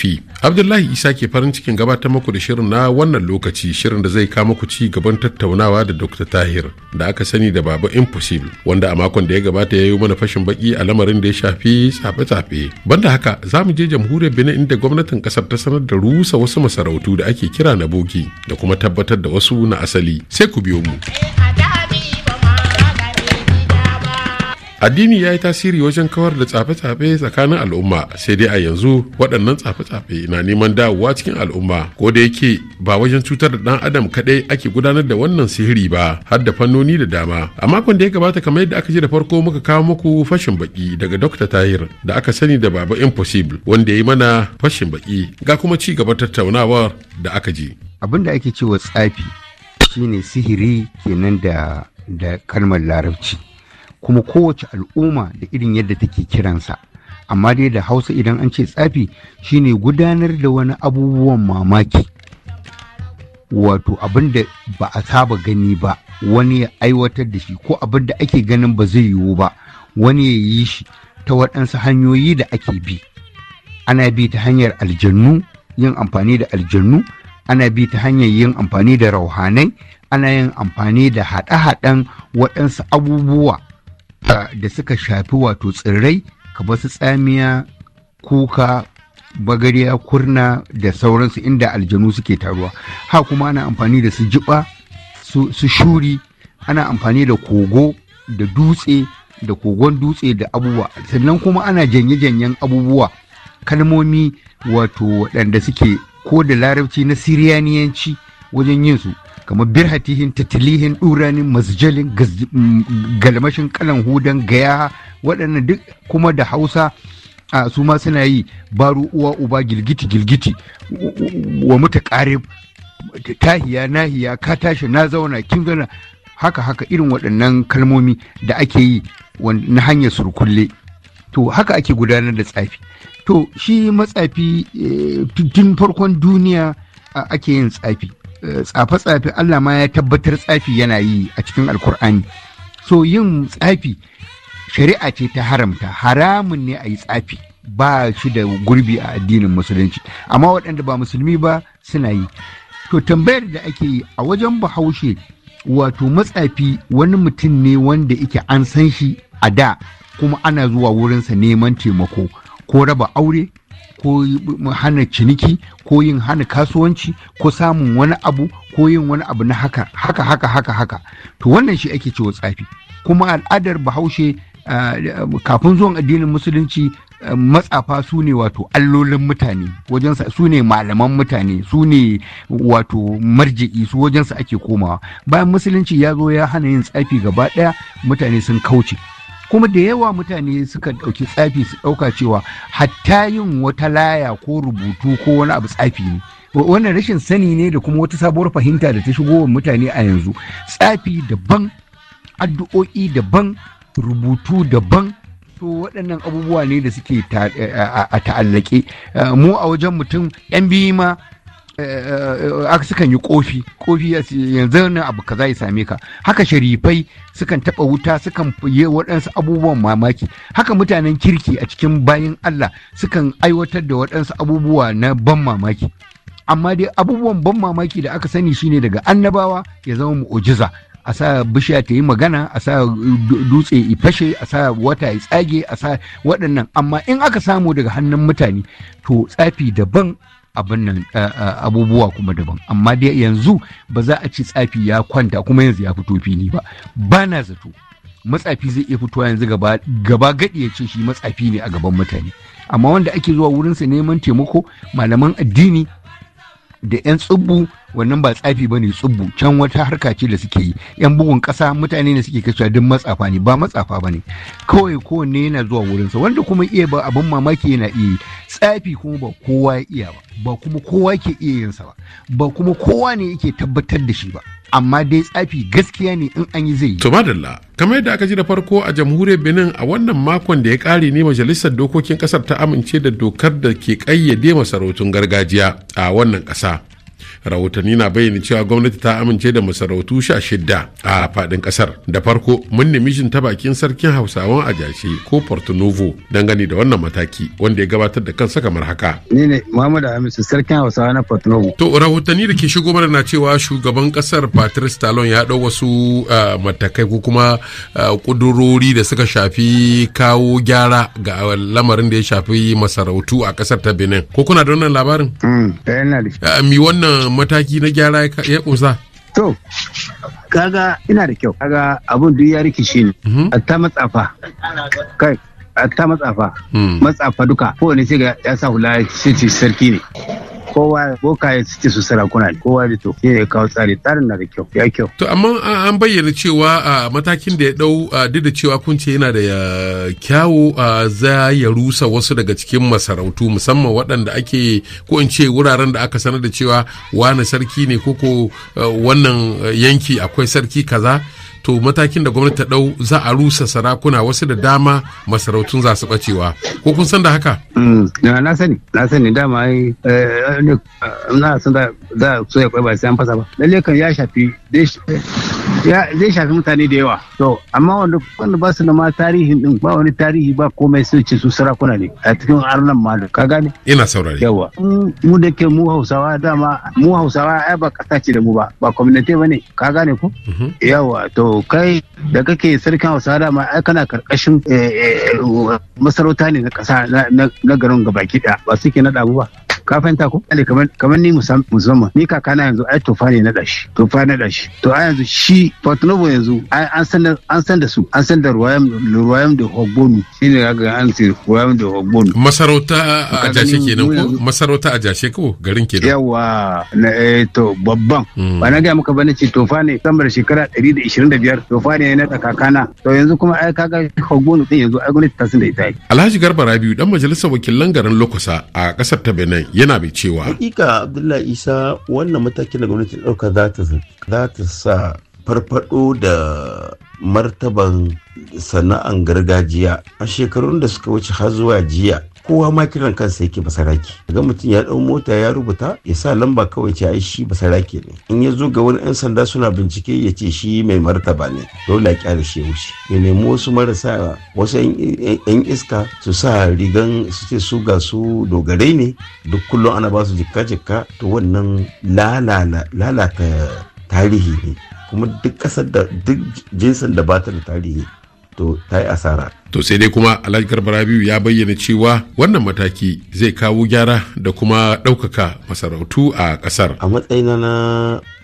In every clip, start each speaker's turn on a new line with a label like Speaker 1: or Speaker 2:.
Speaker 1: fi abdullahi isa ke farin cikin gabatar muku da shirin na wannan lokaci shirin da zai kama ku ci gaban tattaunawa da dr tahir da aka sani da baba impossible wanda a makon da ya gabata ya yi mana fashin baki a lamarin da ya shafi tsafe-tsafe banda haka za mu je jamhuriyar benin inda gwamnatin kasar ta sanar da rusa wasu masarautu da ake kira na bogi da kuma tabbatar da wasu na asali sai ku biyo mu. addini ya yi tasiri wajen kawar da tsafe-tsafe tsakanin al'umma sai dai a yanzu waɗannan tsafe-tsafe na neman dawowa cikin al'umma ko da yake ba wajen cutar da ɗan adam kaɗai ake gudanar da wannan sihiri ba har da fannoni da dama a makon da ya gabata kamar yadda aka ji da farko muka kawo muku fashin baki daga dr tahir da aka sani da baba impossible wanda ya yi mana fashin baki ga kuma ci gaba tattaunawar da aka ji abin da ake cewa tsafi
Speaker 2: shine sihiri kenan da da kalmar larabci kuma kowace al'umma da irin yadda take kiransa amma dai da hausa idan an ce tsafi shine gudanar da wani abubuwan mamaki wato abin da ba a saba gani ba wani ya aiwatar da shi ko abin da ake ganin ba zai yiwu ba wani ya yi shi ta waɗansu hanyoyi da ake bi ana bi ta hanyar aljannu yin amfani da aljannu ana bi ta hanyar yin amfani da rauhanai ana yin amfani da haɗe-haɗen waɗansu abubuwa da suka shafi wato tsirrai kamar su tsamiya kuka bagariya kurna da sauransu inda aljanu suke taruwa ha kuma ana amfani da su jiba su shuri ana amfani da kogo da dutse da kogon dutse da abubuwa sannan kuma ana janye-janyen abubuwa kalmomi wato waɗanda suke ko da larabci na siriyaniyanci wajen yin su kamar birhatihin tatilihin ɗuranin masjalin mm, galmashin kalan hudan gaya waɗannan duk kuma da hausa a su ma suna yi baro uwa uba gilgiti gilgiti wa muta ƙare tahiya nahiya ka tashi na zauna kin zauna haka haka irin waɗannan kalmomi da ake yi na hanyar surkulle to haka ake gudanar da tsafi to shi matsafi eh, tun farkon duniya ake yin tsafi tsafe-tsafe Allah ma ya tabbatar tsafi yana yi a cikin alkur'ani so yin tsafi shari'a ce ta haramta haramun ne a yi tsafi ba shi da gurbi a addinin musulunci amma waɗanda ba musulmi ba suna yi to tambayar da ake yi a wajen bahaushe wato matsafi wani mutum ne wanda ike an san shi a da kuma ana zuwa wurinsa neman taimako ko raba aure ko hana ciniki ko yin hana kasuwanci ko samun wani abu ko yin wani abu na haka haka haka haka haka to wannan shi ake cewa tsafi kuma al'adar bahaushe eh, kafin zuwan addinin musulunci eh, matsafa su ne wato allolin mutane wajensa su ne malaman mutane su ne wato marji'i su wajensa ake komawa bayan musulunci ya zo ya hana yin tsafi gaba ɗaya mutane sun kauce kuma da yawa mutane suka ɗauki tsafi su ɗauka cewa hatta yin wata laya ko rubutu ko wani abu tsafi ne wannan rashin sani ne da kuma wata sabuwar fahimta da ta shigo wa mutane a yanzu tsafi daban addu'o'i daban rubutu daban to waɗannan abubuwa ne da suke a ta'allake mu a wajen mutum 'yan biyu ma Eh, eh, aka sukan yi kofi kofi yanzu nan abu kaza ya same ka haka sharifai sukan taba wuta sukan yi waɗansu abubuwan mamaki haka mutanen kirki a cikin bayan Allah sukan aiwatar da waɗansu abubuwa na ban mamaki amma dai abubuwan ban mamaki da aka sani shine daga annabawa ya zama mu'ujiza a sa bishiya ta yi magana a sa dutse ya fashe a sa wata ya tsage a sa waɗannan amma in aka samu daga hannun mutane to tsafi daban abin nan eh, eh, abubuwa kuma daban amma dai yanzu ba za a ci tsafi ya kwanta kuma yanzu ya fito fili ba ba na zato matsafi zai iya fitowa yanzu gaba gadi ya ce shi matsafi ne a gaban mutane amma wanda ake zuwa wurinsa neman taimako malaman addini da 'yan tsibbu wannan ba tsafi ba ne tsubbu can wata harka ce da suke yi yan bugun ƙasa mutane ne suke kashewa duk matsafa ne ba matsafa ba ne kawai kowanne yana zuwa wurinsa wanda kuma iya ba abin mamaki yana iya tsafi kuma ba kowa ya
Speaker 1: iya ba ba kuma kowa ke iya yinsa ba ba kuma kowa ne yake tabbatar da shi ba amma dai tsafi gaskiya ne in an yi zai yi. To madalla, kamar yadda aka ji da farko a jamhuriyar Benin a wannan makon da ya kare ne majalisar dokokin kasar ta amince da dokar da ke kayyade masarautun gargajiya a wannan ƙasa. rahotanni na bayyana cewa gwamnati ta amince da masarautu sha shidda a fadin kasar da farko mun nemi shin ta bakin sarkin hausawan ajashe ko porto novo dangane da wannan mataki wanda ya gabatar da kansa kamar haka ni ne muhammad hamisu sarkin hausawa na porto novo to rahotanni da ke shigo mana na cewa shugaban kasar patrice talon ya dau wasu matakai ko kuma kudurori da suka shafi kawo gyara ga lamarin da ya shafi masarautu a kasar ta benin ko kuna da wannan labarin mm, eh, mi wannan wannan mataki na gyara ya kusa to
Speaker 3: kaga ina da kyau kaga abun duk ya rikishi ne mhm. ta matsafa kai ta matsafa hmm. matsafa duka kowane sai ya sa hula shi sarki ne kowa boka ya suke su sarakuna kowa da to ya kawo tsari tsarin na da kyau ya
Speaker 1: kyau to amma an bayyana cewa a matakin da ya dau duk da cewa kun ce yana da kyawu za ya rusa wasu daga cikin masarautu musamman waɗanda ake ko in ce wuraren da aka sanar da cewa wani sarki ne ko wannan yanki akwai sarki kaza to matakin da gwamnati ta ɗau za a rusa sarakuna wasu da dama masarautun za su bacewa ko kun san da haka mm, na sani na sani dama eh,
Speaker 3: eh, na san da za su ya kwai ba sai an fasa ba lalle kan ya shafi zai shafi mutane da yawa to amma wanda wanda ba su da ma tarihin din ba wani tarihi ba komai sai ce su sarakuna ne a cikin arnan ma ka gane
Speaker 1: ina saurari. yawa
Speaker 3: mu da ke mu hausawa dama mu hausawa ai ba kasa ce da mu ba ba community bane ka gane ko mhm. yawa to kai da kake sarkin hausawa dama ai kana karkashin eh, eh, masarauta ne na kasa na garin gabaki ɗaya ba suke na mu ba ka fahimta ko ne kamar ni musamman ni kaka na yanzu ai tofa ne na dashi tofa na dashi to a yanzu shi Portnovo yanzu an san an san da su an san da Ruwayam Ruwayam da
Speaker 1: Hogbonu shine kaga an ce Ruwayam da Hogbonu masarauta a jashe kenan ko masarauta a jashe ko garin kenan
Speaker 3: yawa na eh to babban hmm. ba na ga maka bane ce tofa ne samar shekara 125 tofa ne na kakana to yanzu kuma ai kaga Hogbonu din
Speaker 4: yanzu ai gwamnati ta sun da ita
Speaker 1: Alhaji Garba Rabiu dan majalisar wakilan garin Lokosa a kasar ta Benin yana mai cewa
Speaker 4: hakika abdullahi isa wannan matakin da gwamnati ɗauka za ta sa farfado da martaban sana'an gargajiya a shekarun da suka wuce har zuwa jiya kowa ma kiran kansa yake basaraki daga mutum ya dau mota ya rubuta ya sa lamba kawai ce ai shi basaraki ne in ya zo ga wani yan sanda suna bincike ya ce shi mai martaba ne dole a kyara shi wuce ya nemi wasu marasa wasu yan iska su sa rigan su ce su ga su dogarai ne duk kullum ana ba su jikka jikka to wannan lalata tarihi ne kuma duk kasar da duk jinsin da ba ta da tarihi to ta yi asara
Speaker 1: to sai dai kuma alhaji garba rabiu ya bayyana cewa wannan mataki zai kawo gyara da kuma ɗaukaka masarautu
Speaker 4: a ƙasar a matsayin na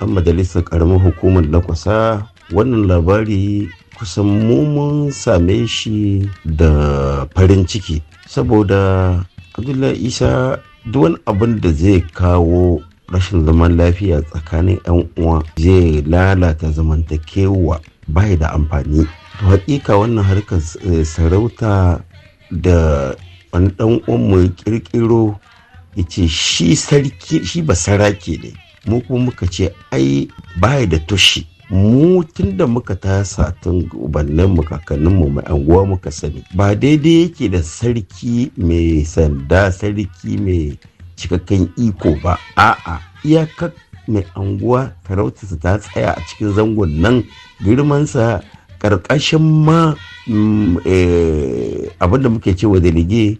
Speaker 4: an majalisar ƙaramin hukumar lakwasa wannan labari kusan mun same shi da farin ciki saboda abdullahi isa duk wani abin da zai kawo rashin zaman lafiya tsakanin 'yan uwa zai lalata zamantakewa bai da amfani to hakika wannan harkar eh, sarauta da wani dan mu kirkiro ya ce shi sarki shi ba sarake ne mu kuma muka ce ai baya da toshi mu tun da muka tasa tun ubannin mu kakannin mu mai anguwa muka sani ba daidai yake da sarki mai sanda sarki mai cikakken iko ba a'a iyakar mai anguwa sarautarsa ta tsaya a cikin zangon nan girmansa ƙarƙashin ma mm, eh, abin muke cewa da lige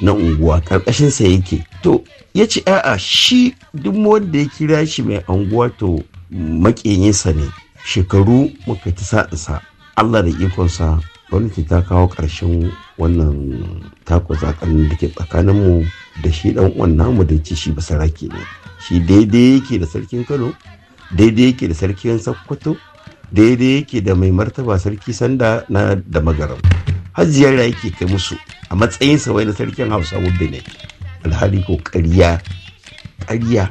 Speaker 4: na unguwa karkashin sa yake to ya ce a'a shi duk wanda ya kira shi mai unguwa to makinyinsa ne shekaru muka ta isa Allah da ikonsa gwamnati ta kawo ƙarshen wannan tako tsakanin da ke tsakaninmu da shi dan uwan namu da ce shi basarake ne shi daidai yake da sarkin kano daidai yake da sarkin sokoto daidai yake da mai martaba sarki sanda na da magaram har ziyara yake kai musu a sa wai na sarkin hausa wadda ne alhali ko ƙarya
Speaker 1: ƙarya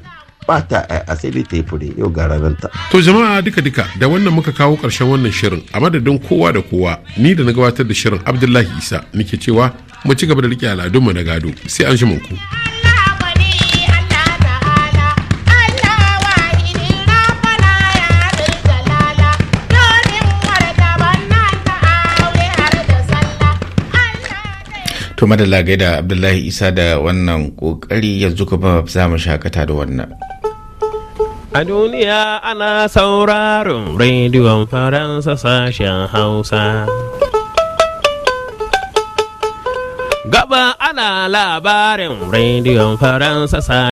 Speaker 1: ba ta a
Speaker 4: sai dai ta yi fure yau ga ranarta.
Speaker 1: To jama'a duka-duka da wannan muka kawo ƙarshen wannan shirin a madadin kowa da kowa ni da na gabatar da shirin Abdullahi Isa nake cewa mu ci gaba da riƙe al'adunmu na gado sai an shi ku.
Speaker 3: to madalla gaida abdullahi isa da wannan kokari yanzu kuma za mu shakata da wannan
Speaker 4: A duniya ana sauraron rediyon Faransa sashen Hausa. Gaba ana labarin rediyon Faransa sashen